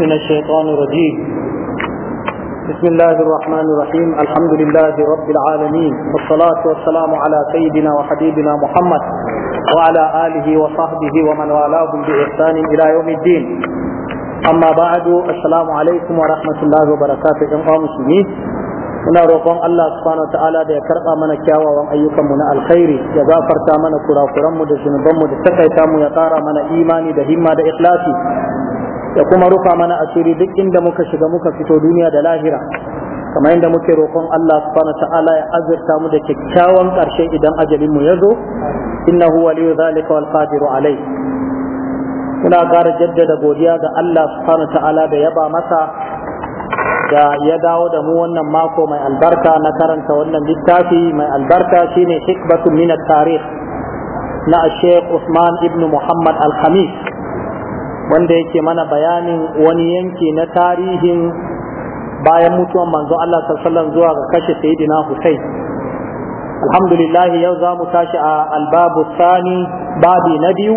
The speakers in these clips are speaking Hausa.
من الشيطان الرجيم بسم الله الرحمن الرحيم الحمد لله رب العالمين والصلاة والسلام على سيدنا وحبيبنا محمد وعلى آله وصحبه ومن والاه بإحسان إلى يوم الدين أما بعد السلام عليكم ورحمة الله وبركاته جميعا مسلمين muna roƙon Allah subhanahu wa ta'ala da ya karɓa mana kyawawan ayyukanmu na alkhairi ya gafarta mana kurakuranmu da zunubanmu da takaita mu ya ƙara mana imani da himma da ikhlasi ya kuma rufa mana asiri duk inda muka shiga muka fito duniya da lahira kamar yadda muke roƙon Allah subhanahu ta'ala ya azurta mu da kyakkyawan ƙarshe idan ajalin mu ya zo innahu waliyu zalika wal qadiru alai muna ƙara jaddada godiya ga Allah subhanahu ta'ala da yaba masa da ya dawo da mu wannan mako mai albarka na karanta wannan littafi mai albarka shine hikbatun min at-tarikh na Sheikh Usman ibn Muhammad Al-Khamis wanda yake mana bayanin wani yanki na tarihin bayan mutuwan manzo Allah sallallahu zuwa ga kashe sayyidina Hussein alhamdulillah yau za mu tashi a albabu sani babi na biyu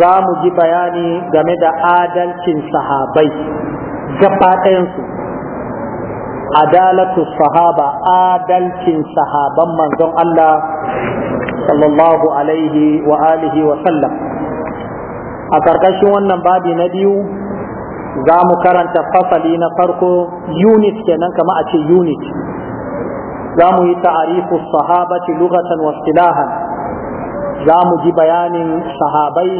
za mu ji bayani game da adalcin sahabai gaba ɗayansu adalatu sahaba adalcin sahaban manzon Allah sallallahu alaihi wa alihi wa sallam a ƙarƙashin wannan babi na biyu za mu karanta fasali na farko unit kenan kama a ce unit za mu yi ta'arifu sahabati lokacin wa istilahan za mu ji bayanin sahabai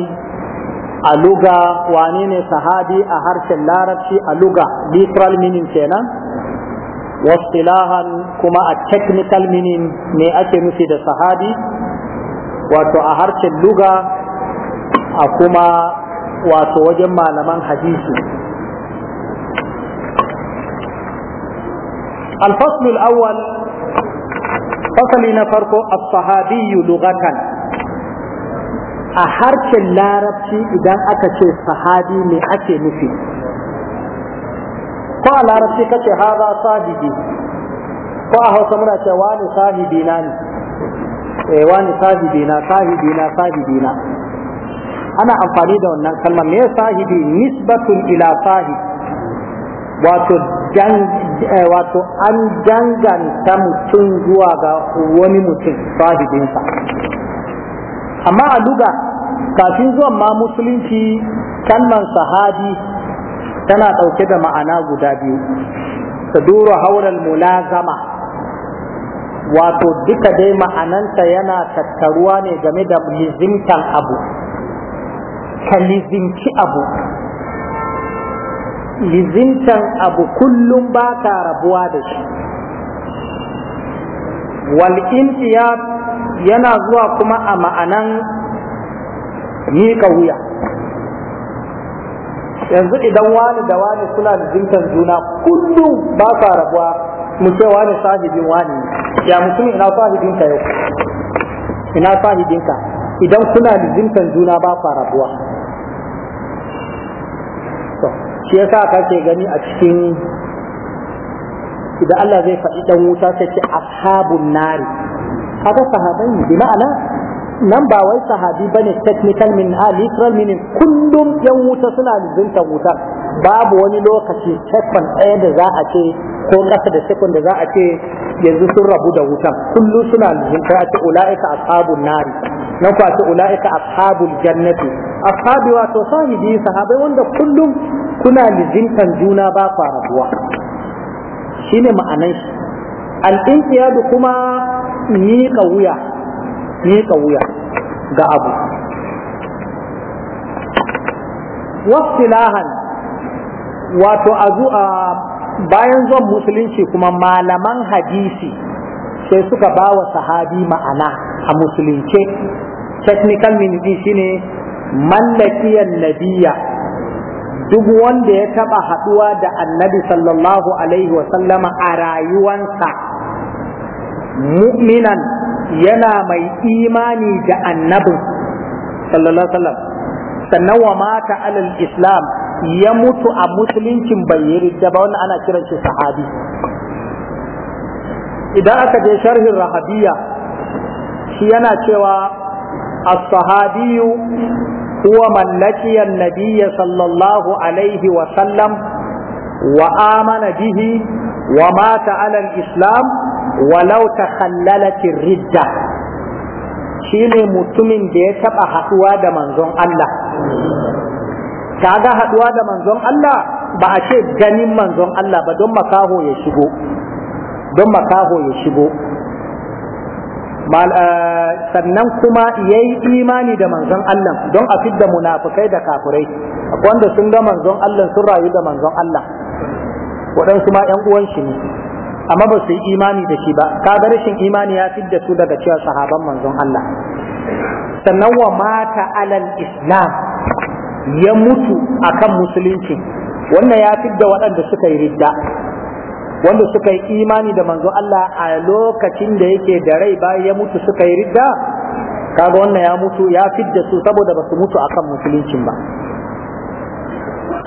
a luga wane ne sahabi a harshen larabci a luga literal meaning kenan wa istilahan kuma a technical meaning ne ake nufi da sahabi wato a harshen luga a kuma wato wajen malaman hadisi الفصل الأول فصل نفرق الصحابي لغة a harshen larabci idan aka ce sahabi ne ake nufi ko a larabci ka ce haza sahibi ko a hausa muna ce wani sahibi na eh, wani sahibi na sahibi na sahibi na ana amfani da wannan kalmar me sahibi nisbatun ila sahib wato dan eh, wato an danganta mutum zuwa ga wani mutum sahibinsa amma a duga kafin zuwan ma musulunci kalmar sahabi tana ɗauke da ma'ana guda biyu saduru haural mulazama wato duka dai ma'ananta yana tattaruwa ne game da lizimtan abu ka lizinci abu lizintan abu kullum ba ka rabuwa da shi wal yana zuwa kuma a ma'anan miƙa wuya yanzu idan wani da wani suna lizintan juna kullum ba ka rabuwa mu ce wani sahibin wani ya mutum ina sahibinka yau ina sahibinka idan kuna lizintan juna ba ka rabuwa shi yasa kake gani a cikin idan Allah zai faɗi dan wuta sai ce ashabun nari kaga sahabai ne bi ma'ana nan ba wai sahabi bane technical min a ah, literal meaning kullum yan wuta suna lizinta wutar babu wani lokaci second ɗaya da za a ce ko ƙasa da second da za a ce yanzu sun rabu da wutan kullum suna lizinta a ce ula'ika ashabun nari nan ko ce ula'ika ashabul jannati ashabi wato sahibi sahabai wanda kullum kuna lizintan juna ba kwa rabuwa shine ma'anan shi al'inqiyadu kuma miƙa wuya miƙa wuya ga abu wasilahan wato a bayan zuwan musulunci kuma malaman hadisi sai suka ba wa sahabi ma'ana a musulunce technical meaning shine mallakiyar nabiya duk wanda ya taba haduwa da annabi sallallahu alaihi wa sallama a rayuwansa mu'minan yana mai imani da annabin sallallahu alaihi wasallam sannan wa mata alal islam ya mutu a musuluncin bai yi ba wannan ana kiran shi sahabi idan aka je sharhin rahabiya shi yana cewa as-sahabiyu huwa mallakiyan nabiyya sallallahu alaihi wa sallam wa amana bihi wa mata alal islam walau takhallalat shine mutumin da ya taɓa haɗuwa da manzon Allah kaga haduwa da manzon Allah ba a ce ganin manzon Allah ba don makaho ya shigo don makaho ya shigo Eh, sannan kuma ya yi imani da manzon Allah don a fidda munafukai da kafirai wanda sun ga manzon Allah sun rayu da manzon Allah waɗansu ma 'yan uwan shi ne amma ba su yi imani da shi ba kaga rashin imani ya fidda su daga cewa sahaban manzon Allah sannan wa mata alal islam ya mutu akan musulunci wannan ya fidda waɗanda suka yi ridda wanda suka yi imani da manzo Allah a lokacin da yake da rai bayan ya mutu suka yi ridda kaga wannan ya mutu ya fidda su saboda ba su mutu akan musuluncin ba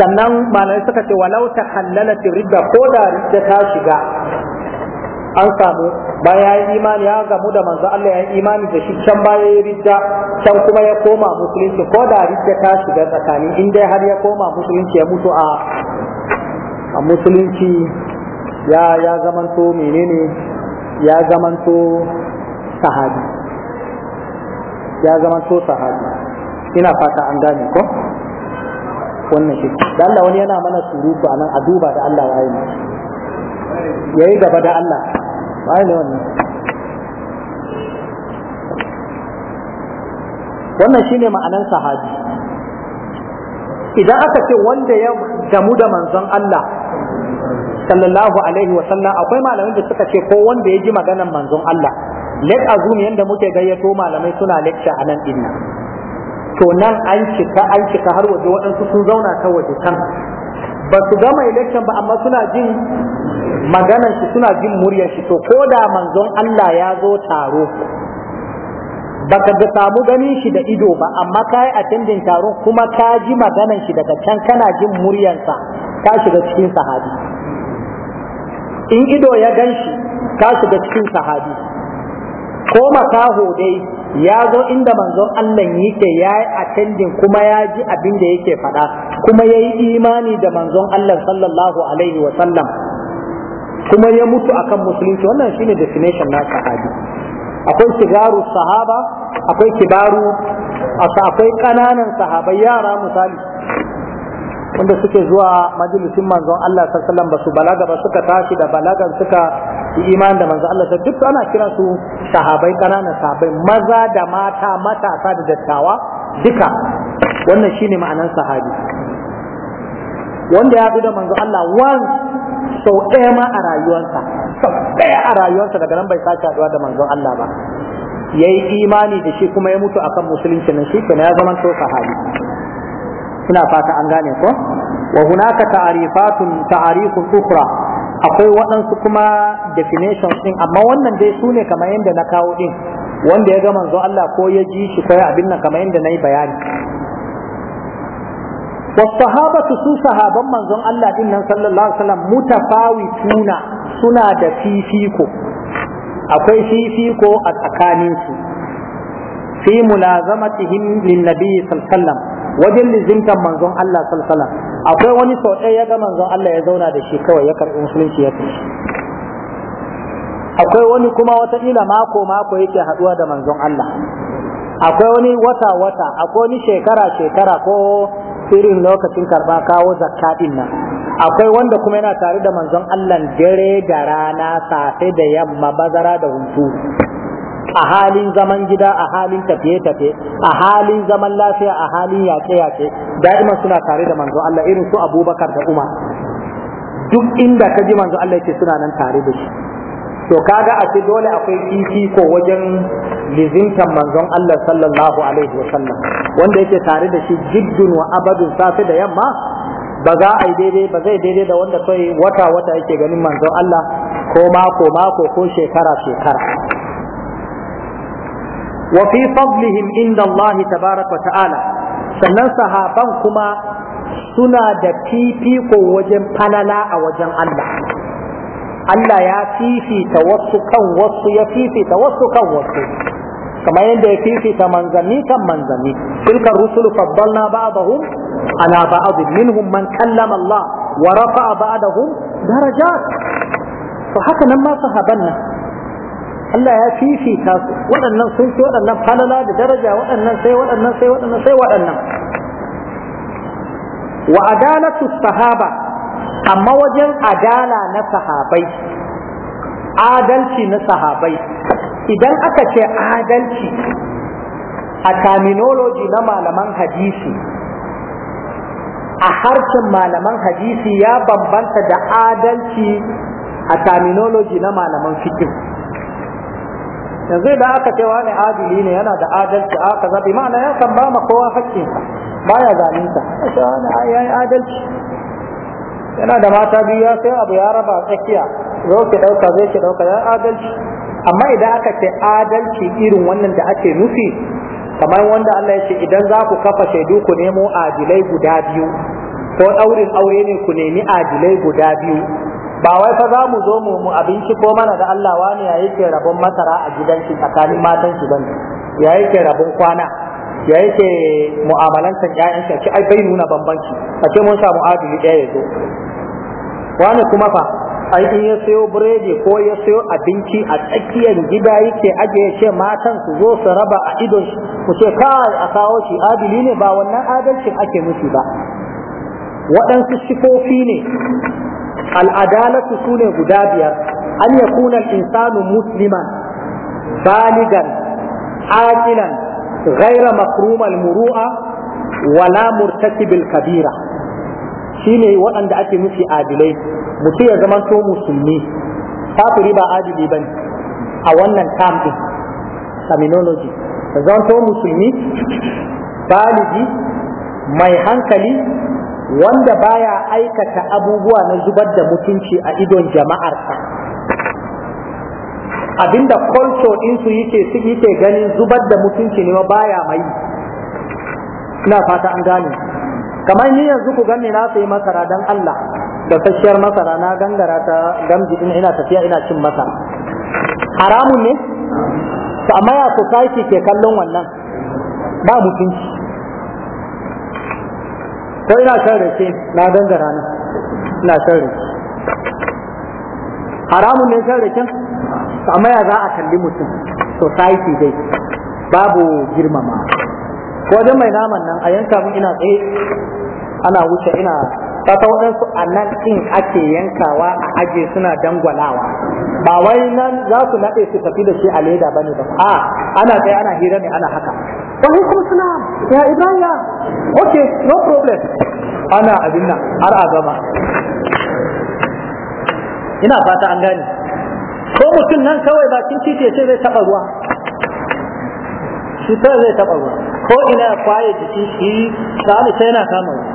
sannan malai suka ce walau ta hallala ridda ko da ridda ta shiga an samu bayan ya imani ya gamu da manzo Allah ya yi imani da shi can baya ya ridda can kuma ya koma musulunci ko da ridda ta shiga tsakani in dai har ya koma musulunci ya mutu a a musulunci ya ya zamanto menene ya zamanto sahabi ya zamanto sahabi ina fata an gane ko wannan shi da Allah wani yana mana surutu anan a duba da Allah ya yi yayi gaba da Allah ba ne wannan wannan shine ma'anan sahabi idan aka ce wanda ya gamu da manzon Allah sallallahu alaihi wasallam akwai malamai da suka ce ko wanda ya ji maganan manzon Allah let azumi yanda muke gayyato malamai suna lecture a nan din nan to nan an cika an cika har waje waɗansu sun zauna ta waje can ba su ga mai lecture ba amma suna jin maganar shi suna jin muryar shi to ko da manzon Allah ya zo taro baka ga samu ganin shi da ido ba amma kai attending taron kuma ka ji maganar shi daga can kana jin muryarsa ka shiga cikin sahabi in ido ya gan shi ka shiga cikin sahabi ko makaho dai ya zo inda manzon Allah yake ya yi attendin kuma ya ji abin da yake faɗa kuma ya yi imani da manzon Allah sallallahu alaihi wa sallam kuma ya mutu akan musulunci wannan shine definition na sahabi akwai sigaru sahaba akwai kibaru akwai ƙananan sahabai yara misali wanda suke zuwa majalisin manzon Allah sallallahu alaihi wasallam ba su balaga ba suka tashi da balagan suka yi imani da manzon Allah duk ana kira su sahabbai kananan sahabbai maza da mata matasa da dattawa duka wannan shine ma'anar sahabi wanda ya bi da manzon Allah once sau ɗaya ma a rayuwarsa sau ɗaya a rayuwarsa daga nan bai sake haɗuwa da manzon Allah ba yayi imani da shi kuma ya mutu akan musulunci nan shi ya zama to sahabi ina fata an gane ko wa hunaka ta'rifatun ta'rifun ukhra akwai waɗansu kuma definitions din amma wannan dai sune kamar yadda na kawo din wanda ya ga manzo Allah ko ya ji shi ko abin nan kamar yadda nayi bayani والصحابة su sahaban manzon Allah din nan sallallahu alaihi wasallam mutafawituna suna da fifiko akwai fifiko a tsakaninsu fi mulazamatihim lin nabi sallallahu alaihi wasallam wajen lizimtan manzon Allah salsala akwai wani sau ɗaya ya ga manzon Allah ya zauna da shi kawai ya karɓi musulunci ya tafi akwai wani kuma wataƙila mako mako yake haɗuwa da manzon Allah akwai wani wata wata akwai wani shekara shekara ko irin lokacin karɓa kawo zakka nan akwai wanda kuma yana tare da manzon Allah dare da rana safe da yamma bazara da hunturu a halin zaman gida a halin tafiye-tafiye a halin zaman lafiya a halin yace-yace. da'iman suna tare da manzo Allah irin su abubakar da umar duk inda ka ji manzo Allah yake suna nan tare da shi to kaga a ce dole akwai ko wajen lizintan manzon Allah sallallahu alaihi wa wanda yake tare da shi jiddun wa abadun safi da yamma ba za a yi daidai ba zai daidai da wanda kai wata wata yake ganin manzon Allah ko mako mako ko shekara shekara wa fi inda Allah tabaraka ta'ala sannan sahaban kuma suna da fifiko wajen falala a wajen Allah Allah ya fifita wasu kan wasu ya fifita wasu kan wasu kamar yadda ya fifita manzanni kan manzanni tilka rusulu faddalna ba'dahum ala ba'd minhum man kallama Allah wa rafa'a ba'dahum darajat to haka nan ma sahaban nan Allah ya fifita su waɗannan sun fi waɗannan falala da daraja waɗannan sai waɗannan sai waɗannan sai waɗannan wa adalatu sahaba amma wajen adala na sahabai adalci na sahabai idan aka ce adalci a terminology na malaman hadisi a harshen malaman hadisi ya bambanta da adalci a terminology na malaman fikin yanzu da aka ce wani adili ne yana da adalci aka zabi ma'ana ya san ba ma kowa hakkin ba ya ce yana da mata biyu ya sai abu ya raba tsakiya zo ki dauka zai ki dauka ya adalci amma idan aka ce adalci irin wannan da ake nufi kamar wanda Allah ya ce idan za ku kafa shaidu ku nemo adilai guda biyu ko ɗaurin aure ne ku nemi adilai guda biyu ba wai fa za mu zo mu mu abinci ko mana da Allah wani ya ke rabon masara a gidan shi tsakanin matan shi bane ya ke rabon kwana ya mu'amalan san ƴaƴan shi ai bai nuna bambanci a ce mun samu adili ɗaya ya zo wani kuma fa ai in ya sayo biredi ko ya sayo abinci a tsakiyar gida yake aje ya ce matan su zo su raba a idon shi ku ce kai a kawo shi adili ne ba wannan adalcin ake musu ba waɗansu sifofi ne al'adalatu su ne guda biyar an ya kuna insanu musliman baligan aqilan gaira makrumal muru'a wala murtakibil kabira shine waɗanda ake nufi adilai mutum ya zama to musulmi kafiri ba adili bane a wannan term ɗin, terminology ya zama to musulmi baligi mai hankali wanda baya aikata abubuwa na zubar da mutunci a idon jama'arsa abinda culture ɗinsu yake su yake ganin zubar da mutunci ne baya mai ina fata an gane kamar ni yanzu ku gani na sayi masara dan Allah da tashiyar masara na gangara ta gamji din ina tafiya ina cin masa haramun ne to amma ya society ke kallon wannan ba mutunci ko ina shan rake na dangara nan ina shan rake haramun ne shan raken amma ya za a kalli mutum society dai babu girmama ko wajen mai naman nan a yanka mun ina tsaye ana wuce ina ta ta waɗansu a nan ɗin ake yankawa a aje suna dangwalawa ba wai nan za su naɗe su tafi da shi a leda ba ne ba a ana tsaye ana hira ne ana haka alaikum suna ya ibrahim okay no problem ana abin nan har a gama ina fata an gane ko mutum nan kawai bakin titi ce zai taɓa ruwa shi sai zai taɓa ruwa ko ina ya kwaye jiki shi sa'ani sai yana kama ruwa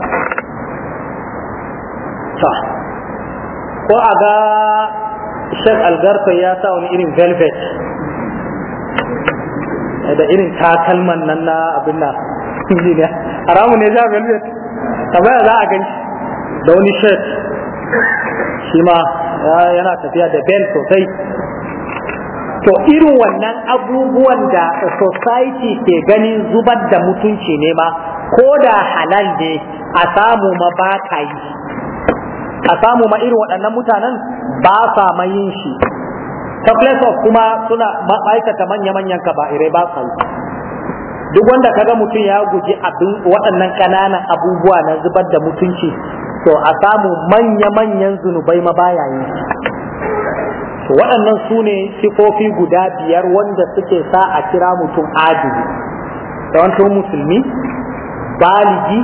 ta ko a ga shan algarfa ya sa wani irin velvet da irin takalman nan na abin nan injiniya haramu ne ja velvet kamar za a gani da wani shirt shi ma yana tafiya da bel sosai to irin wannan abubuwan da society ke ganin zubar da mutunci ne ma ko da halal ne a samu ma ba ka yi a samu ma irin waɗannan mutanen ba sa mayin shi Chocolate of kuma suna ma'aikata manya-manyan kaba'irai ba sa Duk wanda kaga mutum ya guji abin waɗannan ƙananan abubuwa na zubar da mutunci, to a samu manya-manyan zunubai ma baya Waɗannan su ne sifofi guda biyar wanda suke sa a kira mutum adili, da musulmi, baligi,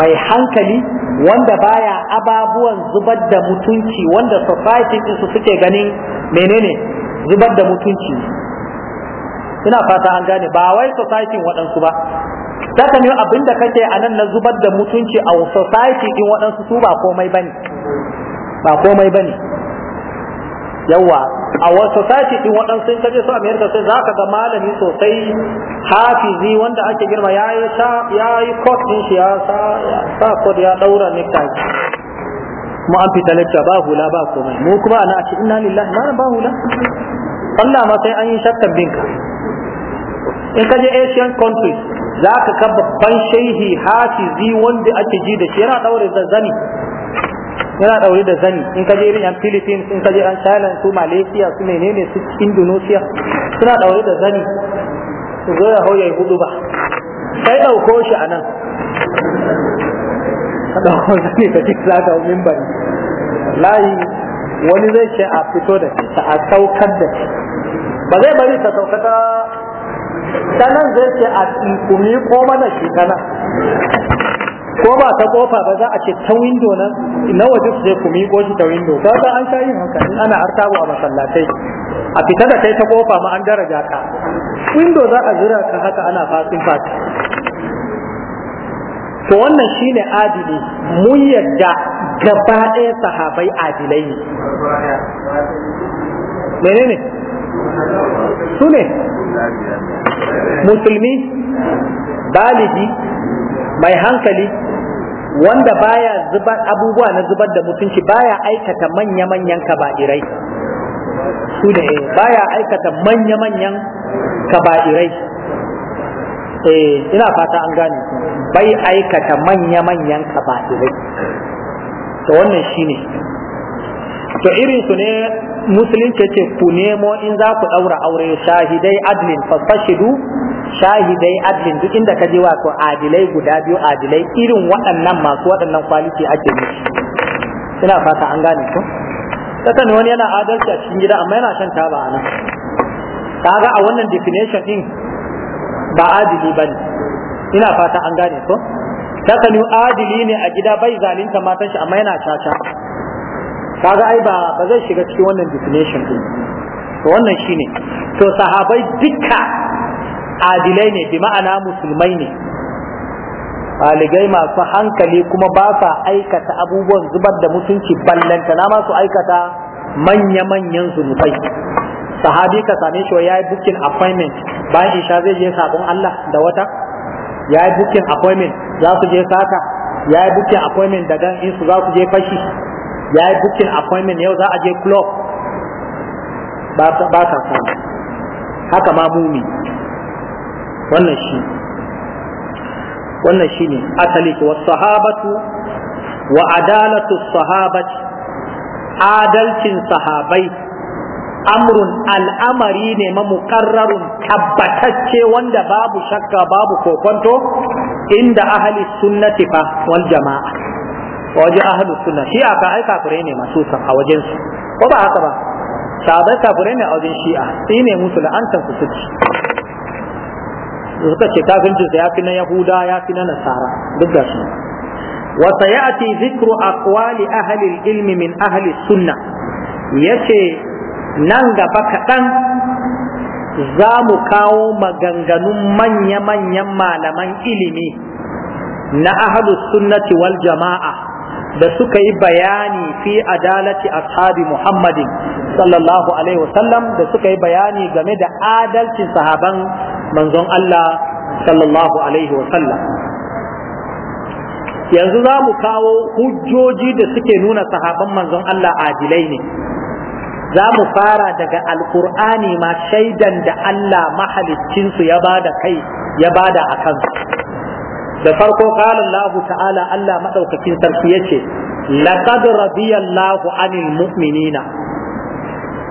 mai hankali, wanda baya ababuwan zubar da mutunci wanda society din su suke ganin menene zubar da mutunci ina fata an gane ba wai society waɗansu ba za ka abin abinda kake a nan na zubar da mutunci a society din waɗansu su ba komai bane ba komai bane yawa a wasu sati din waɗansu ka je su amerika sai za ka ga malami sosai hafizi wanda ake girma ya yi ya yi kot din shi ya sa kot ya ɗaura necktie mu an fita lecture ba hula ba komai mu kuma ana a ce inna lillahi ma ba hula Allah ma sai an yi shakkan binka in ka je asian countries za ka ka babban shehi hafizi wanda ake ji da shi yana ɗaure zazzani yana ɗaure da zani in ka je irin yan philippines in ka je yan china su malaysia su menene su indonesia suna ɗaure da zani su zo ya yi hudu ba sai ɗauko shi a nan ka ɗauko zani ka ce za ka mimbari layi wani zai ce a fito da shi a saukar da shi ba zai bari ta saukata ta nan zai ce a tsinkumi ko mana shi ta nan ko ba ta kofa ba za a ce ta windo nan na waje su je ku miƙo shi ta windo Ba ga an shayin haka in ana tabo a masallatai a fita da kai ta kofa ma an daraja ka windo za a jira ka haka ana fatin fati to wannan shine adili mun yadda gaba ɗaya sahabai adilai ne menene su ne musulmi baligi mai hankali wanda baya zubar abubuwa na zubar da mutunci baya aikata manya-manyan kaba'irai su ne eh, baya aikata manya-manyan kaba'irai eh ina fata an gane bai aikata manya-manyan kaba'irai to wannan shine to irin su ne musulunci ce ku nemo in za ku daura aure shahidai adlin fastashidu shahidai adlin duk inda ka je wato adilai guda biyu adilai irin waɗannan masu waɗannan kwaliti ake nufi ina fata an gane ko kasan wani yana adalci a cikin gida amma yana shan taba a nan kaga a wannan definition din ba adili bane ina fata an gane ko kasan adili ne a gida bai zalunta matan shi amma yana caca kaga ai ba ba zai shiga cikin wannan definition din to wannan shine to sahabai dukkan adilai ne bi ma'ana musulmai ne ɗalibai masu hankali kuma ba sa aikata abubuwan zubar da mutunci ballanta na masu aikata manya-manyan zunubai sahabi ka same shi ya yi bukin appointment bayan isha zai je sabon Allah da wata ya yi bukin appointment za su je sata ya yi bukin appointment daga insu za su je fashi ya yi bukin appointment yau za a je club ba ta samu haka ma mumi wannan shi wannan shi ne asali wa sahabatu wa adalatu sahabati adalcin sahabai amrun al'amari ne mamukarrarun tabbatacce wanda babu shakka babu kokonto inda ahli sunnati fa wal jama'a A wajen ahli sunna shi aka ai kafirai ne masu a wajen su ko ba haka ba sahabai kafirai ne a wajen shi'a sai ne musu la'antar su suci suka ce kafircin sa fi na yahuda yafi na nasara duk da shi wa sayati zikru aqwali ahli ilmi min ahli sunna yace nan gaba kaɗan za mu kawo maganganun manya-manyan malaman ilimi na ahli sunnati wal jama'a da suka yi bayani fi adalati ashabi muhammadin sallallahu alaihi wasallam da suka yi bayani game da adalcin sahaban manzon Allah sallallahu alaihi wa sallam yanzu za mu kawo hujjoji da suke nuna sahaban manzon Allah adilai ne za mu fara daga alkur'ani ma shaidan da Allah mahaliccinsu ya bada kai ya bada a kansu da farko kala Allah ta'ala Allah madaukakin sarki yace laqad radiyallahu anil mu'minina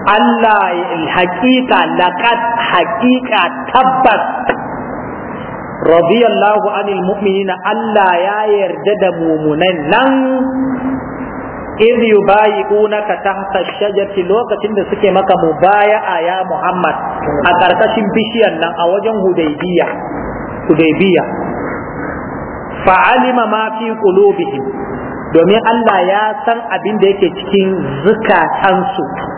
Allah hakika laqad hakika tabbas radiyallahu anil mu'minina Allah ya yarda da muminan nan idh yubayi'unaka tahta shajarati lokacin da suke maka mubaya'a ya Muhammad a karkashin bishiyar nan a wajen Hudaybiya Hudaybiya fa'alima ma fi qulubihim domin Allah ya san abin da yake cikin zukatansu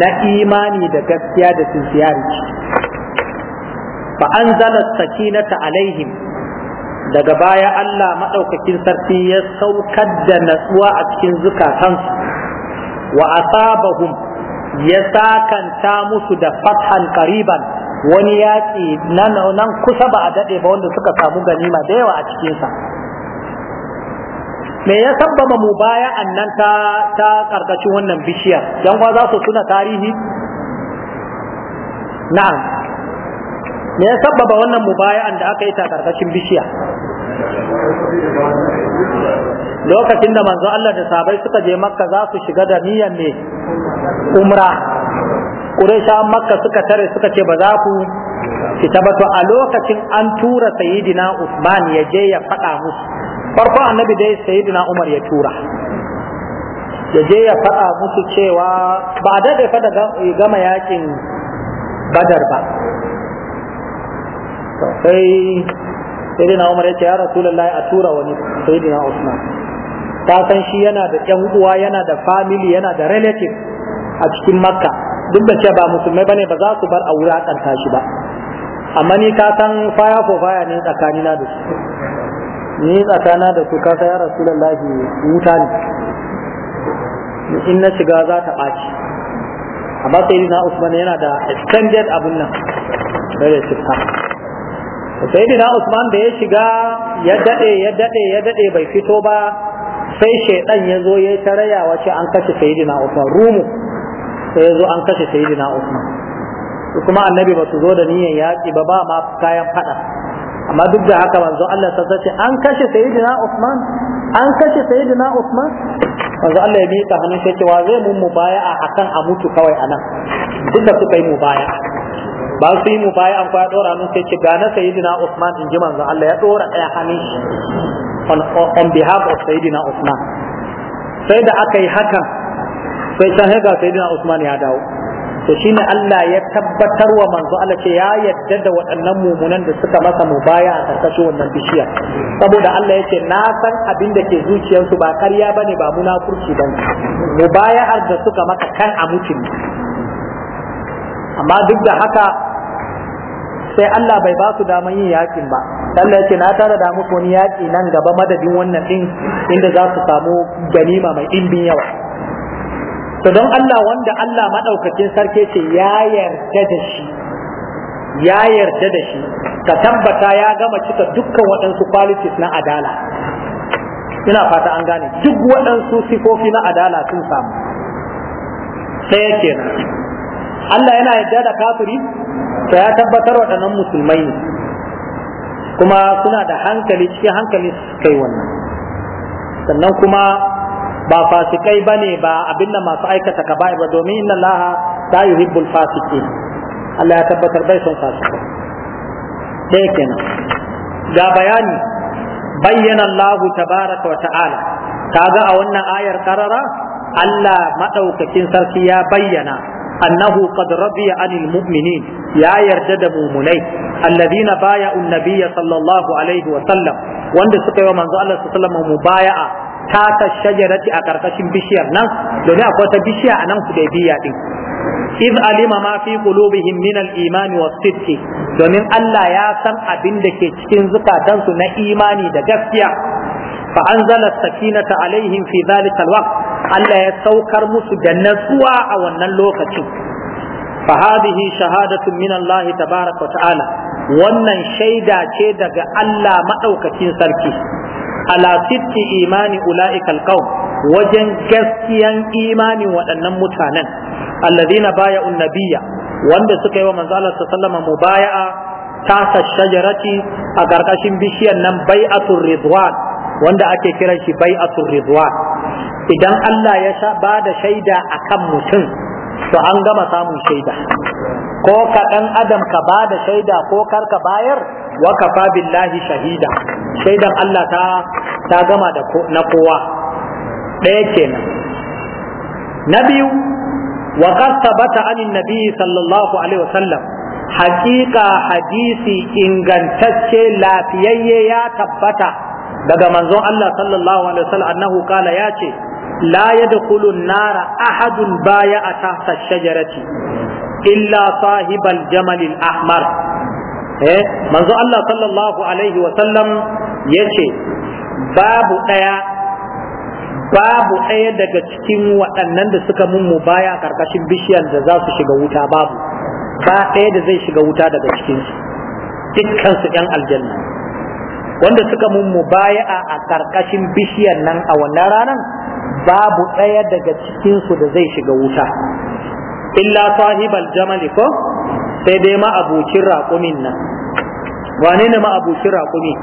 na imani da gaskiya da sincerity fa anzala sakinata alaihim daga baya Allah madaukakin sarki ya saukar da natsuwa a cikin zukatansu wa asabahum ya sakanta musu da fathan qariban wani yaƙi nan kusa ba a daɗe ba wanda suka samu ganima da yawa a cikinsa. me ya sabbaba mu baya annan ta ta karkashin wannan bishiyar yan kwa za su tuna tarihi na'am me ya sabbaba wannan mu baya da aka yi ta karkashin bishiya lokacin da manzo Allah da sabai suka je makka za su shiga da niyyar ne umra Quraysha makka suka tare suka ce ba za ku fita ba to a lokacin an tura sayyidina Usman ya je ya faɗa musu farko annabi dai sayyidina umar ya tura ya je ya faɗa musu cewa ba daɗe fa gama yakin badar ba sai sayyidina umar ya ce ya a tura wani sayyidina usman ta san shi yana da ƴan uwa yana da family yana da relative a cikin makka duk da cewa ba musulmai bane ba za su bar a wulakanta shi ba amma ni ka san faya ko faya ne tsakanina da su ni tsakana da su kasa ya rasulullahi wuta ne in na shiga za ta ɓaci amma sai na usman yana da extended abun nan da ya shiga sai na usman da ya shiga ya daɗe ya daɗe ya daɗe bai fito ba sai shaidan ya zo ya yi taraya wace an kashe sayyidina usman rumu sai ya zo an kashe sayyidina usman kuma annabi ba su zo da niyan yaƙi ba ba ma kayan faɗa amma duk da haka manzo Allah ta sace an kashe sayyidina Usman an kashe sayyidina Uthman manzo Allah ya miƙa hannun sai ce wa zai mun mubaya'a akan a mutu kawai anan duk da suka yi mubaya'a ba su yi mubaya'a an ya dora mun sai ce ga na sayyidina Usman in ji manzo Allah ya dora ɗaya hannun shi on, on behalf of sayyidina Usman sai da aka yi hakan sai ta hega sayyidina Usman ya dawo to ne Allah ya tabbatar wa manzo Allah ce ya yadda da waɗannan mumunan da suka masa mu baya a karkashin wannan bishiyar saboda Allah ya ce na san abin da ke zuciyarsu ba karya ne ba munafurci ba baya har da suka maka kan a mutum amma duk da haka sai Allah bai ba su daman yin yakin ba Allah ya ce na tara da muku wani yaki nan gaba madadin wannan din inda za su samu ganima mai ɗimbin yawa to don Allah wanda Allah maɗaukakin sarki ce ya yarda da shi ya yarda da shi ka tabbata ya gama cika dukkan waɗansu qualities na adala ina fata an gane duk waɗansu sifofi na adala sun samu sai yake Allah yana yarda da kafiri to ya tabbatar waɗannan musulmai ne kuma suna da hankali cikin hankali su kai wannan sannan kuma ba fasikai bane ba abinda masu aikata ka ba domin inna allaha yi yuhibbul fasiqin Allah ya tabbatar bai son fasikai sai kenan ga bayani bayyana Allah tabaraka wa ta'ala kaga a wannan ayar karara Allah madaukakin sarki ya bayyana annahu qad radiya anil ya yarda da mumunai alladhina baya'u an-nabiyya sallallahu alaihi wa sallam wanda suka yi wa manzo Allah sallallahu mubaya'a tata shajarati a ƙarƙashin bishiyar nan domin akwai ta bishiya a nan da biya din iz alima ma fi qulubihim min al-iman was domin Allah ya san abin da ke cikin zukatansu na imani da gaskiya fa anzala as-sakinata alaihim fi dhalika al-waqt Allah ya saukar musu da natsuwa a wannan lokacin fa hadhihi shahadatun min Allah tabaaraka wa ta'ala wannan shaida ce daga Allah madaukakin sarki ala sidqi imani ula'ikal qaum wajen gaskiyan imanin waɗannan mutanen alladhina baya nabiyya wanda suka yi wa manzo Allah sallallahu alaihi mubaya'a tasa shajarati a karkashin bishiyar nan bai'atul ridwan wanda ake kiran shi bai'atul ridwan idan Allah ya ba da shaida akan mutum to an gama samun shaida ko ka dan adam ka ba da shaida ko kar ka bayar wa kafa billahi shahida shaidan Allah ta ta gama da na kowa ɗaya kenan na biyu wa qad anin nabi sallallahu alaihi wasallam Haƙiƙa hadisi ingantacce lafiyayye ya tabbata daga manzon Allah sallallahu alaihi wasallam annahu kala ya ce la yadkhulu an-nara ahadun baya tahta ash-shajarati illa sahibal jamalil ahmar eh manzo Allah sallallahu alaihi wa sallam yace babu daya babu daya daga cikin waɗannan da suka mummu baya karkashin bishiyar da za su shiga wuta babu ba daya da zai shiga wuta daga cikin su dukkan su ɗan aljanna wanda suka mummu baya a karkashin bishiyar nan a wannan ranan babu daya daga cikin su da zai shiga wuta illa sahibal jamali ko sai dai ma abucin raƙumin nan wane ne ma abucin raƙumi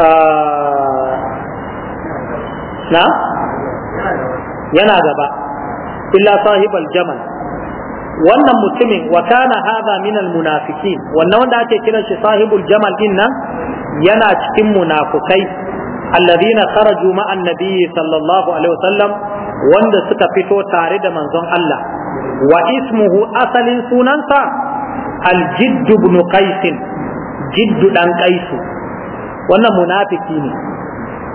ah, na yana gaba illa sahibal jamal wannan mutumin wata na hadha min al munafiqin wannan wanda ake kira shi sahibul jamal din nan yana cikin munafukai alladhina kharaju ma'an nabiyyi sallallahu alaihi wasallam wanda suka fito tare da manzon Allah wa ismuhu asalin sunansa aljiddu ibn qaisin jiddu dan wannan munafiki ne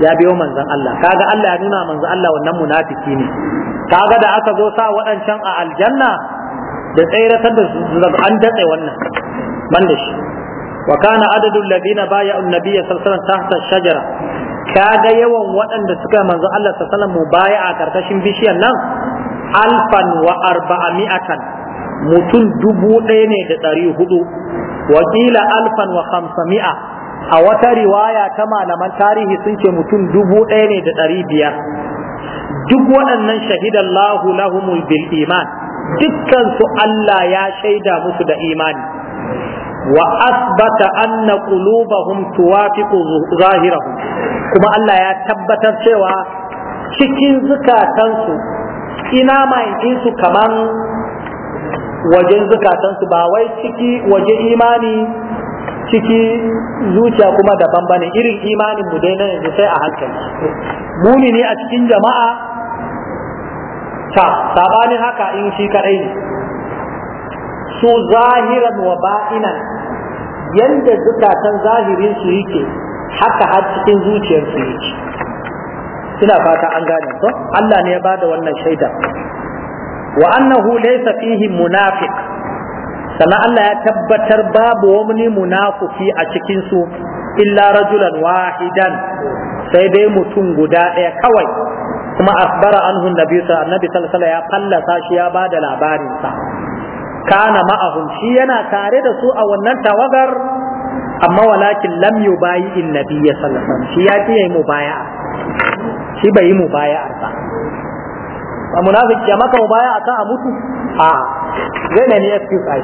ya biyo manzon Allah kaga Allah ya nuna manzon Allah wannan munafiki ne kaga da aka zo sa waɗancan a aljanna da tsayratar da an datse wannan Man da shi wa kana adadul ladina baya'u nabiyya sallallahu alaihi wasallam tahta shajara kaga yawan waɗanda suka manzo Allah sallallahu alaihi wasallam mubaya'a karkashin bishiyar nan alfan wa arba'ami'atan mutum dubu ɗaya ne da ɗari hudu wakila alfan wa hamsami'a a wata riwaya ta malaman tarihi sun ce mutum dubu ɗaya ne da ɗari biyar duk waɗannan shahidallahu lahumul bil iman dukkansu Allah ya shaida musu da imani wa asbata anna qulubahum tuwafiqu zahirahum kuma Allah ya tabbatar cewa cikin zukatansu ina mai su kaman wajen zukatansu ba wai ciki waje imani ciki zuciya kuma daban bane irin imanin mu dai na yanzu sai a hankali Muni ne a cikin jama'a ta sabanin haka in shi kadai su zahiran wa ba'inan yanda zukatan zahirin su yake haka har cikin zuciyar su yake ina fata an gane ko Allah ne ya bada wannan shaida wa annahu laysa fihi munafiq sannan Allah ya tabbatar babu wani munafiki a cikin su illa rajulan wahidan sai dai mutum guda ɗaya kawai kuma asbara anhu nabi annabi sallallahu alaihi ya fallasa shi ya bada labarin sa kana ma'ahum shi yana tare da su a wannan tawagar amma walakin lam yubayi in nabiyya sallallahu alaihi shi ya ce yayi mubaya'a shi bai yi a ba ba munafiki ya maka a ta a mutu a zai ne excuse ai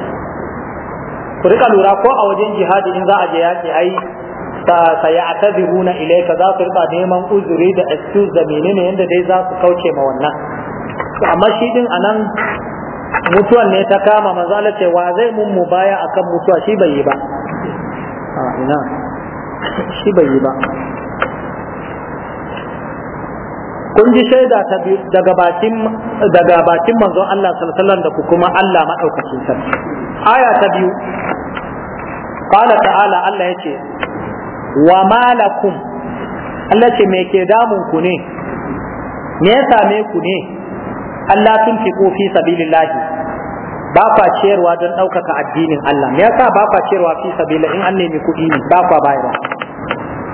ku rika lura ko a wajen jihadi in za a je yaƙi ai sayatadhiruna ilayka za su rika neman uzuri da excuse da menene yanda dai za su kauce ma wannan amma shi din anan mutuwan ne ta kama manzala ce wa zai mun mu baya akan mutuwa shi bai yi ba a ina shi bai yi ba kun ji shaida ta daga bakin daga bakin manzon Allah sallallahu alaihi wasallam da kuma Allah madaukakin sarki aya ta biyu qala ta'ala Allah yace wa malakum Allah ce me ke damun ku ne me ya same ku ne Allah tun fi fi sabilillahi ba kwa ciyarwa don ɗaukaka addinin Allah me yasa ba kwa ciyarwa fi sabila in an nemi kuɗi ne ba kwa bayarwa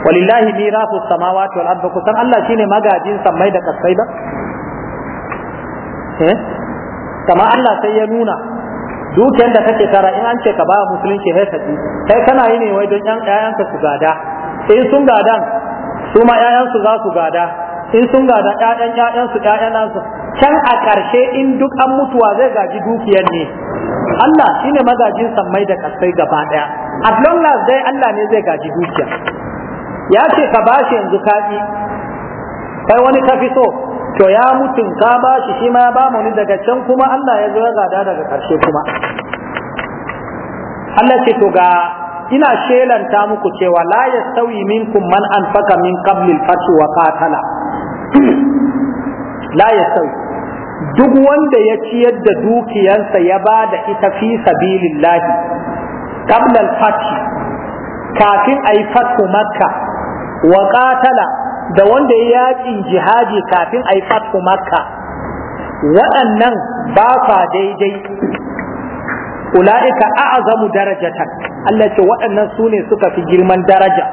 walillahi mirasu samawati wal ardh kusan Allah shine magajin samai da kasai ba eh kama Allah sai ya nuna dukiyar da kake tara in an ce ka ba musulunci sai ka ci kai kana yi ne wai don yan ƴaƴanka su gada in sun gadan su ma ƴaƴansu za su gada in sun gada ƴaƴan ƴaƴansu ƴaƴan su can a ƙarshe in duk an mutuwa zai gaji dukiyar ne Allah shine magajin sammai da kasai gaba daya as long last dai Allah ne zai gaji dukiya ya ce ka ba shi yanzu kaɗi kai wani ka fi so to ya mutum ka ba shi shi ma ya ba daga can kuma Allah ya zo ya gada daga ƙarshe kuma Allah ce to ga ina shelanta muku cewa la yastawi minkum man faka min qabli al wa qatala la yastawi duk wanda ya ciyar da dukiyarsa ya ba da ita fi sabilillahi qabla al-fath kafin yi fatu makka wa da wanda ya yaƙin jihadi kafin a yi fatu makka waɗannan ba fa daidai ula'ika a'azamu darajatan Allah ce waɗannan su ne suka fi girman daraja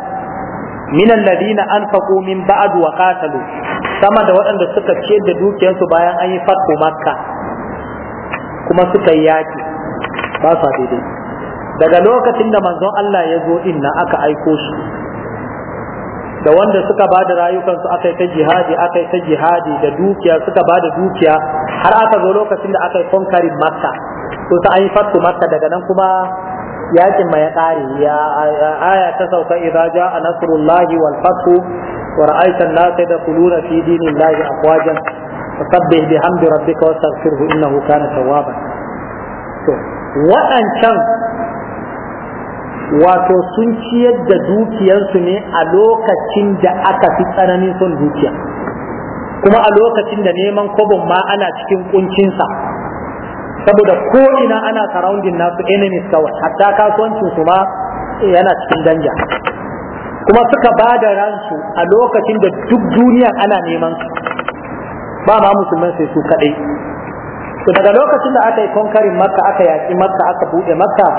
minan ladina anfaqu min ba'adu wa qatalu sama da waɗanda suka ce da dukiyarsu bayan an yi fatu makka kuma suka yi yaƙi ba sa daidai daga lokacin da manzon Allah ya zo inna aka aiko shi da wanda suka ba da rayukansu aka yi ta jihadi aka yi ta jihadi da dukiya suka ba da dukiya har aka zo lokacin da aka yi konkarin makka to ta an yi fatu makka daga nan kuma yakin mai kare ya aya ta sauka idza jaa nasrullahi wal fathu wa ra'aita an-nas yadkhuluna fi dinillahi afwajan fasabbih bihamdi rabbika wastaghfirhu innahu kana tawwaban to waɗancan wato sun ciyar da dukiyarsu ne a lokacin da aka fi tsananin son dukiya kuma a lokacin da neman kobon ma ana cikin kuncinsa saboda ko ina ana surrounding nasu enemies kawai hatta kasuwancin su ma yana cikin danja kuma suka ba da ransu a lokacin da duk duniya ana neman su ba ma musulman sai su kadai. to daga lokacin da aka yi konkarin makka aka yaƙi makka aka buɗe makka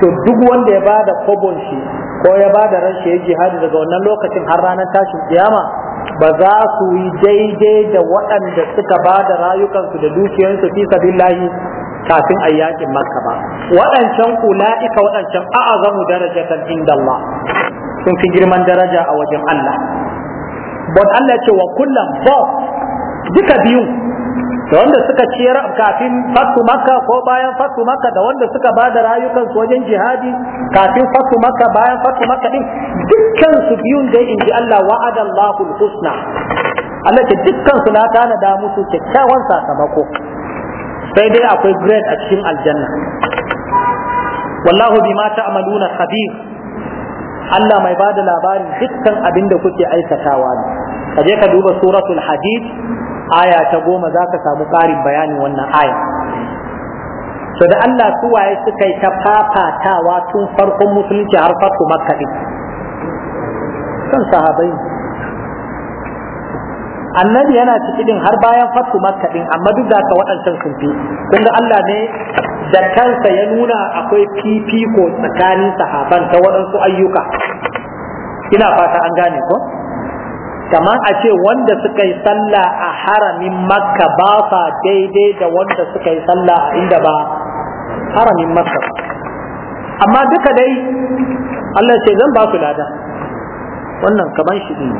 to duk wanda ya bada kobon shi ko ya bada ran shi ya jihadi daga wannan lokacin har ranar tashin kiyama ba za su yi daidai da waɗanda suka bada rayukansu da dukiyansu fi sabilillahi kafin a yakin makka ba waɗancan ula'ika waɗancan a'azamu darajatan inda Allah sun fi girman daraja a wajen Allah but Allah ce wa kullum ba duka biyu da wanda suka ciyar kafin fatu maka ko bayan fatu maka, da wanda suka ba da rayukansu wajen jihadi kafin fatu maka, bayan fatu maka din dukkan su biyun dai inji Allah wa'ada Allahul husna Allah ce dukkan su na tana da musu kyakkyawan sakamako sai dai akwai grade a cikin aljanna wallahu bima ta'maluna khabir Allah mai bada labarin dukkan abin da kuke aikatawa ne kaje ka duba suratul hadid aya ta goma za ka samu ƙarin bayanin wannan aya so da Allah suwaye suka yi ta fafatawa tun farkon musulunci har farko makaɗin. kan sahabai annabi yana ciki din har bayan fatu makaɗin amma duk da ka waɗancan sun fi kun Allah ne da kansa ya nuna akwai fifiko tsakanin sahaban ta waɗansu ayyuka ina fata an gane ko kamar a ce wanda suka yi sallah a haramin makka ba sa daidai da wanda suka yi sallah a inda ba haramin makka amma duka dai Allah ce zan ba su lada wannan kamar shi ne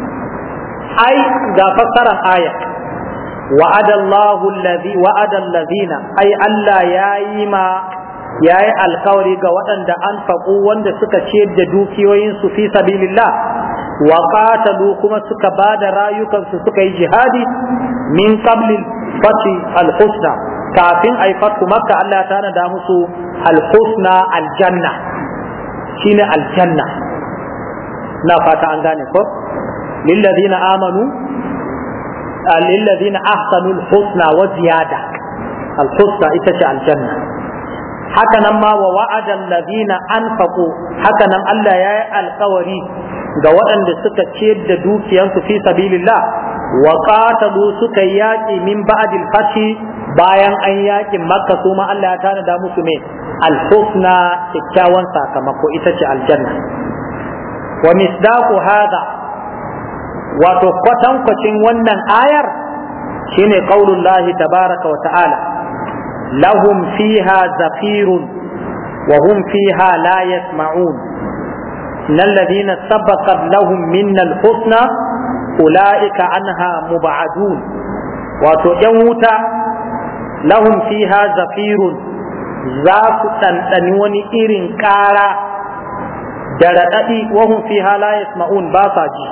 ai ga fassarar aya wa'adallahu allazi allazina ai Allah yayi ma yayi alkawari ga waɗanda an faƙo wanda suka ciyar da su fi sabilillah wa qatalu kuma suka da rayukansu suka yi jihadi min qabli fati al-husna kafin ay fatu makka Allah ya tana da musu al-husna al-janna shine al-janna na fata an gane ko lilladheena amanu lilladheena ahsanu al-husna wa al ita ce al-janna ma wa Allah ya yi alƙawari ga waɗanda suka ciyar da dukiyansu fi sabilillah wa qatalu suka yaƙi min ba'dil fathi bayan an yaƙin makka su Allah ya da musu mai. al-husna kyakkyawan sakamako ita ce aljanna wa misdaqu hadha wato kwatankwacin wannan ayar shine qaulullahi tabaraka wa ta'ala lahum fiha zafirun wa hum fiha la yasma'un innal ladina sabaqat lahum minnal husna ulaika anha mubadun wato yan wuta lahum fiha zafirun za su ɗanɗani wani irin ƙara da raɗaɗi wahum fiha la yasma'un ba sa ji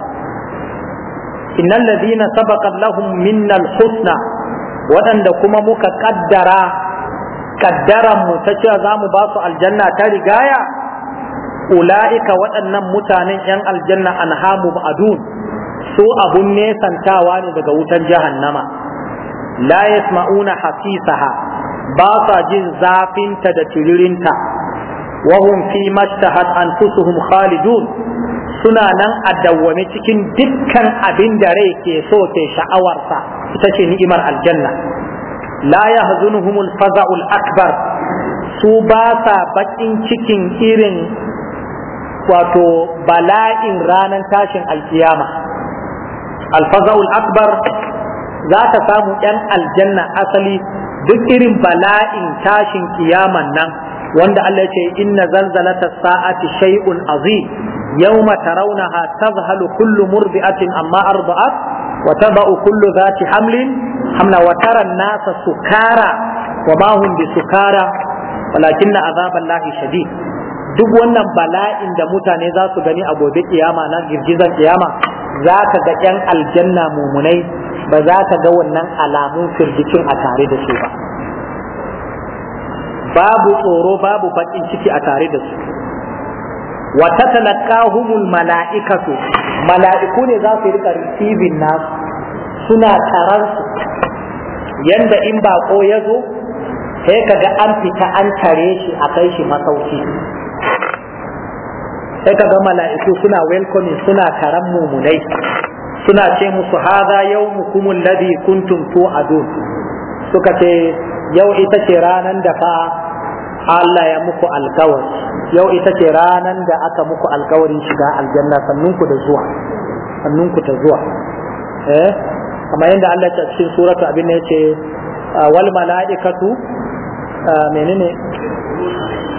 innal ladina sabaqat lahum minnal husna waɗanda kuma muka ƙaddara ƙaddaran mu ta cewa za mu ba su aljanna ta rigaya ula'ika waɗannan mutanen 'yan aljanna anhamu ma'adun su abun nesantawa ne daga wutar jahannama la yasma'una hasisaha ba sa jin zafinta da tiririnta wahum fi mashtahat anfusuhum khalidun suna nan a dawwame cikin dukkan abin da rai ke so ke sha'awarsa ita ce ni'imar aljanna la yahzunuhumul faza'ul akbar su ba sa bakin cikin irin wato bala'in ranar tashin alkiyama alfaza'ul akbar za ta samu 'yan aljanna asali duk irin bala'in tashin kiyaman nan wanda Allah ce inna zalzalata sa'ati shay'un azim yawma tarawnaha tadhhalu kullu murdi'atin amma arda'at wa tada'u kullu dhati hamlin hamna wa tara an-nasa sukara wa ma hum bisukara walakinna adhaballahi shadid duk wannan bala'in da mutane za su gani a gobe kiyama na girgizar kiyama za ka ga yan aljanna mumunai ba za ka ga wannan alamun firgicin a tare da su ba babu tsoro babu baƙin ciki a tare da su Wata wa mala'ika su, mala'iku ne za su rika receiving nasu suna tarar su yanda in bako ya zo sai ka ga an fita an tare shi a kai shi masauki sai kaga mala'iku suna welcoming suna karan mumunai suna ce musu hadha yawmukum alladhi kuntum tu'adun suka ce yau ita ce ranan da fa Allah ya muku alkawari yau ita ce ranan da aka muku alkawarin shiga aljanna sannunku da zuwa sannunku ta zuwa eh kamar yadda Allah ya cikin suratu abin ne yace ah, wal mala'ikatu ah, menene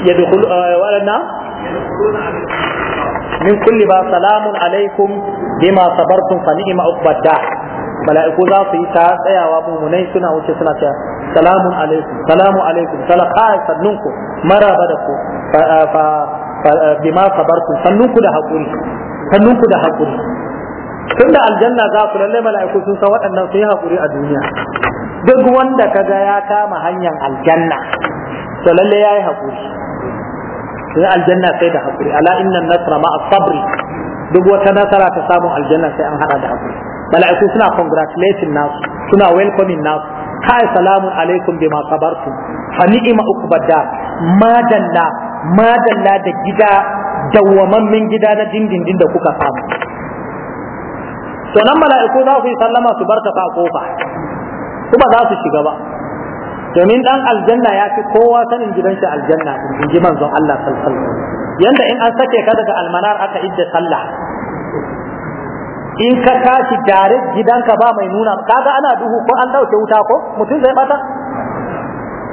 yadkhulu ah, wa min kulli ba salamun alaikum bima sabartum fa ni'ma uqbadda mala'iku za su yi ta tsayawa munai suna wuce suna cewa salamun alaikum salamu alaikum salaka sannunku maraba da ku fa bima sabartum sannunku da hakuri sannunku da hakuri tunda aljanna za ku lalle mala'iku sun san waɗannan su yi hakuri a duniya duk wanda kaga ya kama hanyar aljanna to lalle yayi hakuri sai aljanna sai da hakuri ala innan nasra ma sabri duk wata nasara ta samun aljanna sai an hada da hakuri mala'iku suna congratulating nasu suna welcoming nasu kai salamun alaikum bima sabartum fa ni'ma uqbadda madalla madalla da gida dawwamammin gida na dindindin da kuka samu to nan mala'iku za su yi sallama su barka ta kofa kuma za su shiga ba domin dan aljanna ya fi kowa sanin gidan shi aljanna in ji manzon Allah sallallahu alaihi wasallam yanda in an sake ka daga almanar aka idda sallah in ka tashi tare gidanka ba mai nuna kaga ana duhu ko an dauke wuta ko mutum zai bata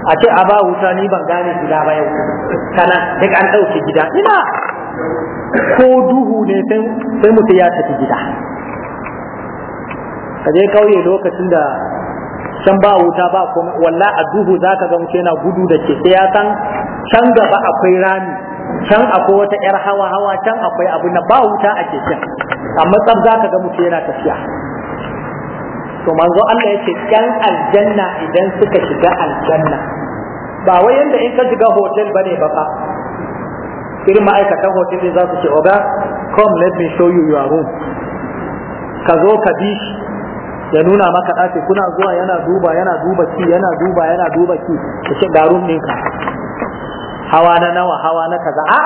a ce a ba wuta ni ban gane gida ba yau kana duk an dauke gida ina ko duhu ne sai mutum ya tafi gida ka je kauye lokacin da can ba wuta ba kuma walla a duhu zaka ga mutum yana gudu da ke sai ya san can gaba akwai rami can akwai wata yar hawa hawa can akwai abu na ba wuta a keken amma tsab za ga mutum yana tafiya to manzo Allah yace yan aljanna idan suka shiga aljanna ba wai yanda in ka shiga hotel bane ba fa irin ma'aikatan hotel ne za su ce oga come let me show you your room ka zo ka bi ya nuna maka dace kuna zuwa yana duba yana duba ki yana duba yana duba ki ya ce garun ɗinka hawa na nawa hawa na kaza a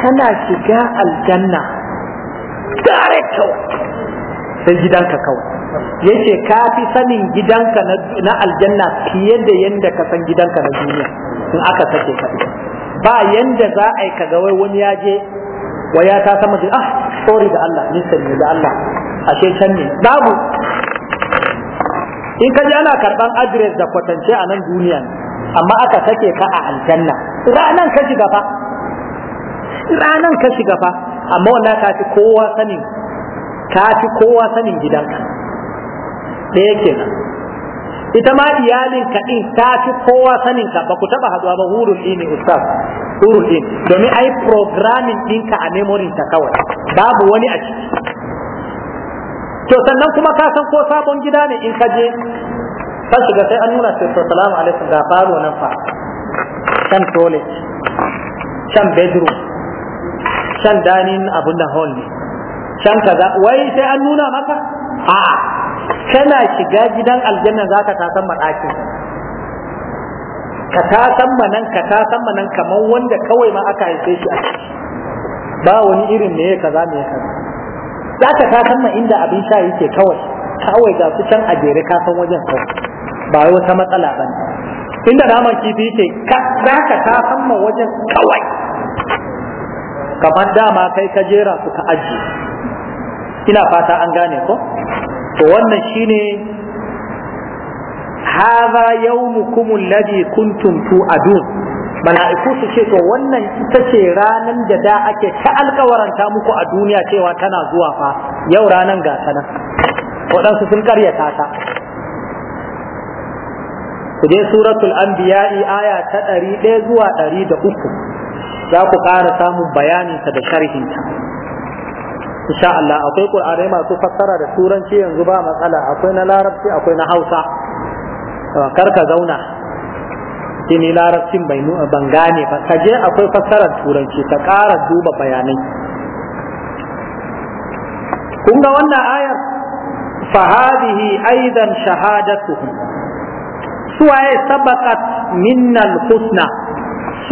kana shiga aljanna tare kawai sai gidanka kawai yace ka fi sanin gidanka na aljanna fiye da yadda ka san gidanka na duniya in aka sake ka ba yanda za a yi kaga wai wani ya je waya ta sama ah sorry da Allah ni sanin da Allah ashe can ne babu in ka ji ana karɓar adres da kwatance a nan duniya amma aka sake ka a aljanna ranan ka shiga fa ranan ka shiga fa amma wannan ka fi kowa sanin ka fi kowa sanin gidanka ɗaya kenan ita ma iyalin ka din ta fi kowa sanin ka ba ku taba haduwa ba hurul ini ustaz hurul ini domin ai programming ɗinka a memory ta kawai babu wani a ciki to sannan kuma ka san ko sabon gida ne in ka je? ka shiga sai an nuna sai salamu alaikum ga falo nan fa shan toilet shan bedroom shan dining abun da hall ne shan kaza wai sai an nuna maka a kana shiga gidan aljanna zaka ta san madakin ka ta san manan ka ta san manan kamar wanda kawai ma aka haife shi a ciki ba wani irin me kaza me kaza za ka ka san inda abin sha yake kawai kawai ga su can a jere ka san wajen kawai ba wai wata matsala ba inda naman kifi yake za ka ka san wajen kawai kamar dama kai ka jera su ka aji. ina fata an gane ko to wannan shine hadha yawmukum alladhi kuntum tu'adun mala'iku su ce to wannan ita ce ranan da da ake ta alkawaranta muku a duniya cewa tana zuwa fa yau ranan ga nan waɗansu sun karyata ta ku je suratul anbiya'i aya ta ɗari ɗaya zuwa ɗari da uku za ku ƙara samun bayaninta da sharhinta insha Allah akwai ƙur'anai masu fassara da turanci yanzu ba matsala akwai na larabci akwai na hausa Karka zauna sai ne larabcin bai ban gane ba ka je akwai fassarar turanci ta ƙara duba bayanai kun ga wannan ayar fahadihi aidan shahadatuhum suwaye sabaqat minnal husna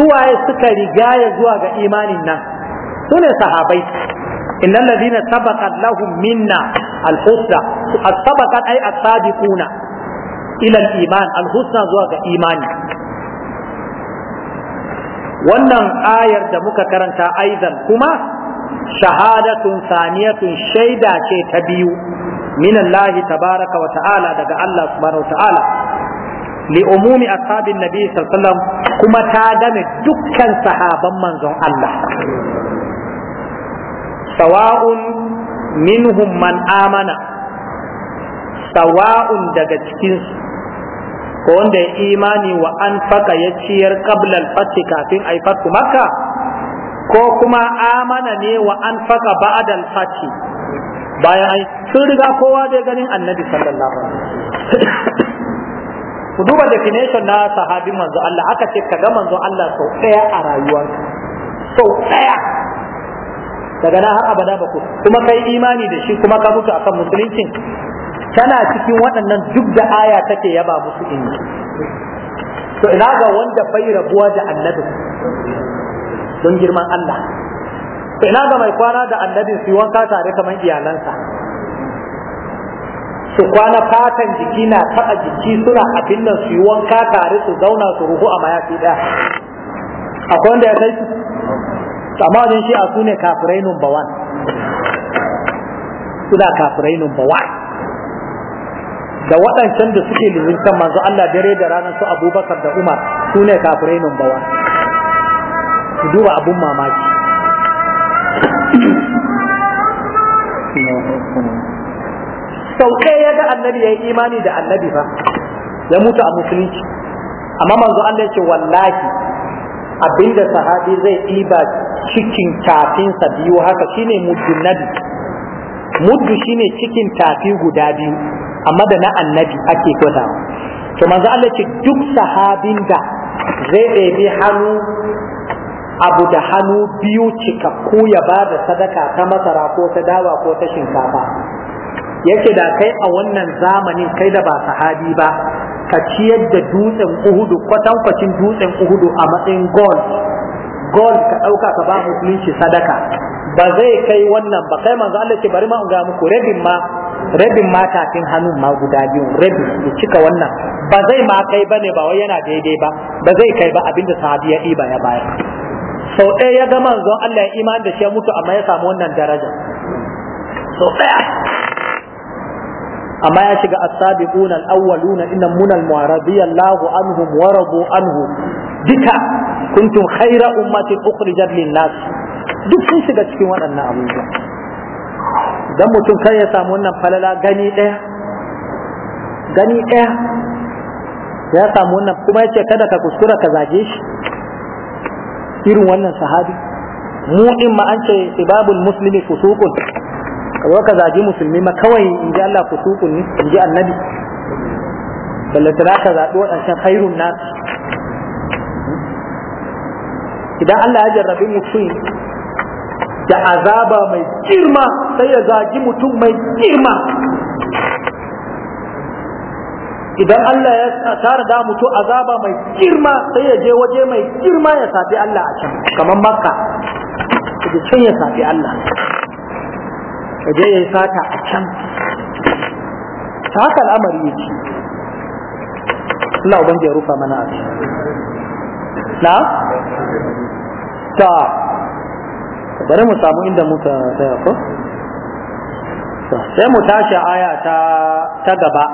suwaye suka rigaya zuwa ga imanin nan sune sahabai innal ladina sabaqat lahum minna al husna as sabaqat a as sabiquna iman al husna zuwa ga imani wannan ayar da muka karanta aizan kuma shahadatun saniyatun shaida ce ta biyu minallahi tabaraka wa ta'ala daga Allah subhanahu wa ta'ala li umumi ashabin nabi sallallahu kuma ta game dukkan sahaban manzon Allah sawa'un minhum man amana sawa'un daga cikinsu ko wanda ya imani wa an faka ya ciyar qabla al-fath kafin ay fatu makka ko kuma amana ne wa an faka ba'da al-fath bayan ai sun riga kowa da ganin annabi sallallahu alaihi wasallam ku duba definition na sahabi manzo Allah aka ce kaga manzo Allah sau daya a rayuwarka sau daya daga na har abada ba ku kuma kai imani da shi kuma ka mutu akan musuluncin tana cikin waɗannan duk da aya take yaba musu in to ina ga wanda bai rabuwa da annabi don girman Allah to ina ga mai kwana da annabin su wanka tare kamar iyalansa su kwana fatan jiki na taɓa jiki suna abin nan su yi wanka tare su zauna su ruhu a mayafi ɗaya akwai wanda ya kai su amma wajen shi a su ne kafirai number one suna kafirai number one da waɗancan da suke lizintan manzo Allah dare da ranar su abubakar da umar su ne kafirai nan bawa ku duba abun mamaki Sauƙe ya ga annabi ya yi imani da annabi ba ya mutu a musulunci amma manzo Allah ya ce wallahi abinda sahabi zai ɗiba cikin tafinsa biyu haka shine muddin nabi muddu shine cikin tafi guda biyu amma da na annabi ake gwadawa to manzo Allah ce duk sahabin da zai ɗebi hannu abu da hannu biyu cikakku ya ba da sadaka ta masara ko ta dawa ko ta shinkafa yake da kai a wannan zamanin kai da ba sahabi ba ka ciyar da dutsen uhudu kwatankwacin dutsen uhudu a matsayin gold gold ka ɗauka ka ba musulunci sadaka ba zai kai wannan ba kai manzo Allah ce bari ma ga muku rabin ma rabin matafin tafin hannun ma guda biyu rabi ya cika wannan ba zai ma kai ba ne ba wai yana daidai ba ba zai kai ba abinda sahabi ya ɗiba ya bayar sau ɗaya ya ga manzon Allah ya iman da shi ya mutu amma ya samu wannan daraja sau ɗaya amma ya shiga as-sabiqun al-awwaluna Inna, munal mu'radiyallahu anhum wa radu anhu duka kuntum khayra ummatin ukhrijat lin-nas duk sun shiga cikin waɗannan abubuwa don mutum kar ya samu wannan falala gani ɗaya gani ɗaya ya samu wannan kuma ya ce kada ka kuskura ka zage shi irin wannan sahabi mu in ma an ce ibabul muslimi fusukun ka zo ka zagi musulmi ma kawai in ji Allah fusukun ne in ji annabi ballatana ka zaɓi waɗancan khairun nasu idan Allah ya jarrabi mutum da azaba mai girma sai ya zagi mutum mai girma idan Allah ya tara da mutum azaba mai girma sai ya je waje mai girma ya safi Allah a can kamar makka da can ya safi Allah ya je ya sata a can ta haka al'amari ci. Allah ubangiji ya rufa mana a na ta bari mu samu inda muka tsaya ko sai mu tashi aya ta ta gaba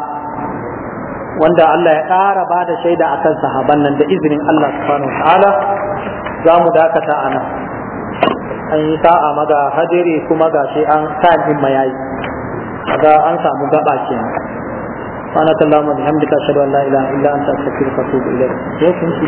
wanda Allah ya ƙara ba da shaida a kan sahaban nan da izinin Allah subhanahu wa ta'ala za mu dakata a nan an yi sa'a maga hadiri kuma gashi an sa'in mayayi ga an samu gaba kenan سبحانك اللهم وبحمدك اشهد ان لا اله الا انت استغفرك واتوب اليك